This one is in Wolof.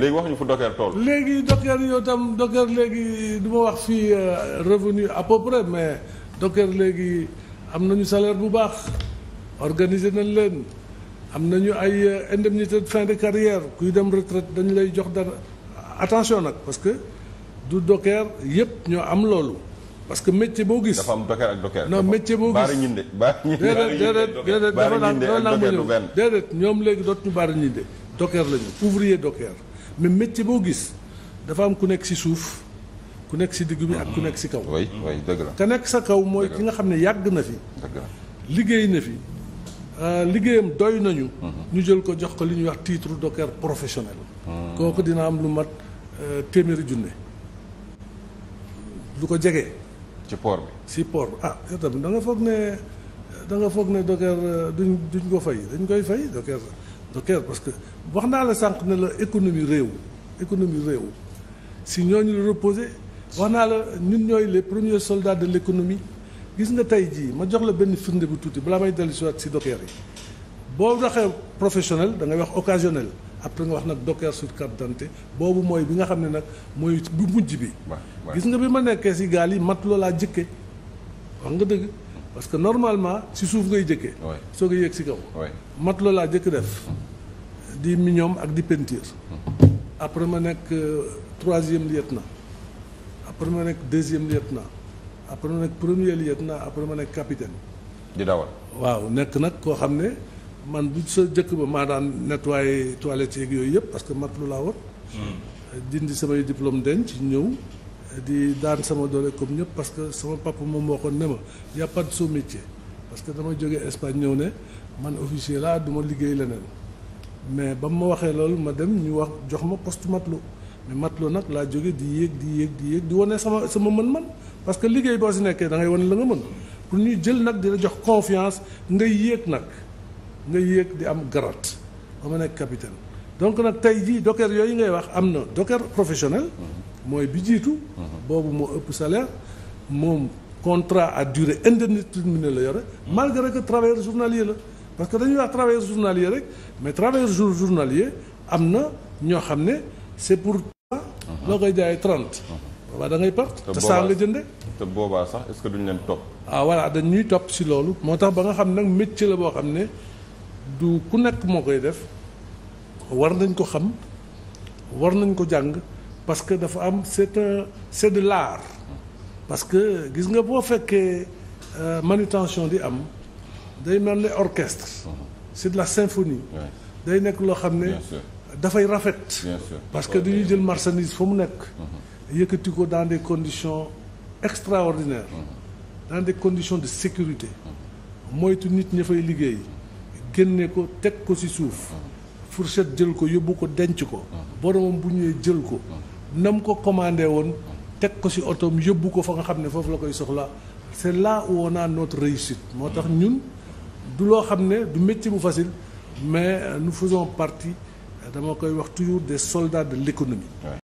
léegi wax ñu fu docker tool léegi docker yoo tam docker léegi du ma wax fii euh, revenu à peu près mais docker léegi am nañu salaire bu baax organiser nañ leen am nañu ay euh, indemnité de fin de carrière kuy dem retrait dañu lay jox dara attention nag parce que du docker yépp ñoo am loolu parce que métier boo gis. dafa am docker ak docker. non métier boo gis baari ñinde baari ñinde déedéet déedéet dafa naan loolu ñoom léegi dootuñu baari ñinde docker lañu ouvrier docker mais métier boo gis dafa am ku nekk si suuf ku nekk si digg bi ak ku nekk si kaw. oui oui dëgg ka nekk sa kaw mooy ki nga xam ne yàgg na fi. liggéey na fi euh, liggéeyam doy nañu. Mhm. ñu jël ko jox ko li ñuy wax titre docker professionnel. Hmm. kooko dina am lu mat euh, téeméeri junne lu ko jege. ci port si port bi ah yow tamit da nga foog ne danga foog ne docker euh, duñ duñ ko fay dañ koy fay docker. ok parce que wax naa la sànq ne la économie réew économie réew si ñooñu la wax naa la ñun ñooy les premiers soldats de l'économie gis nga tey jii ma jox la benn firnde bu tuuti balaa may dellu si waat si docker yi boo waxee professionnel da ngay wax occasionnel après nga wax nag docker sur carte d'identité boobu mooy bi nga xam ne nag mooy bu mujj bi gis nga bi ma nekkee si gaal yi mat laa jëkke wax nga dëgg parce que normalement si suuf ngay jëkkee soo ko si kaw mat loolaa jëkk def di mignon ak di peinture après ma nekk euh, troisième lieutenant après ma nekk deuxième lieutenant après ma nekk premier lieutenant après ma nekk capitaine. di dawal waaw nekk nag koo xam ne man bu sa jëkk ba maa daan nettoyer toilettes yeeg yooyu yëpp parce que mat lu laa war. Hmm. dindi samay diplôme denc ñëw di daan sama doole comme ñëpp parce que sama papa moom moo ko ne ma y a pas parce que dama jóge Espagne ñëw ne man officier laa du ma liggéey leneen. mais ba mu ma waxee loolu ma dem ñu wax jox ma post matelot mais matelot nag laa jóge di yéeg di yéeg di yéeg di wane sama sama mën-mën parce que liggéey boo si nekkee da ngay wane la nga mën pour ñuy jël nag di la jox confiance nga yéeg nag nga yéeg di am garat ba ma nekk capitaine donc nag tey jii docker yooyu ngay wax am na docker professionnel mooy bi jiitu boobu moo ëpp salaire moom contrat a à durée indéterminée la yore malgré que travailleur journalier la parce que dañuy wax travailleur journalier rek mais travailleur journalier am na ñoo xam ne c'est pour loo koy jaayee trente waaw da ngay perte te saa nga jënde te boobaa sax est-ce que duñ leen topp ah voilà dañ ñuy topp si loolu moo tax ba nga xam nag métier la boo xam ne du ku nekk moo koy def war nañ ko xam war nañ ko jàng parce que dafa am c'est un c'est de l'art parce que gis nga boo fekkee euh, manutention di am day mel ne orchestre. Uh-huh. c'est de la symphonie. day nekk loo xam ne. dafay rafet. parce que dañuy jël marchandise fa mu nekk. Uh-huh. yëkkati ko dans des conditions extraordinaires. Uh-huh. dans des conditions de sécurité. moytu nit ña fay liggéey. génne ko teg ko ci suuf. fourchette jël ko yóbbu ko denc ko. boromam bu ñëwee jël ko. nam ko commandé woon. teg ko ci otoom yóbbu ko fa nga xam ne foofu la koy soxla. c'est là où on a notre réussite. moo tax ñun. du loo xam ne du métier bu facile mais nous faisons partie dama koy wax toujours des soldats de l'économie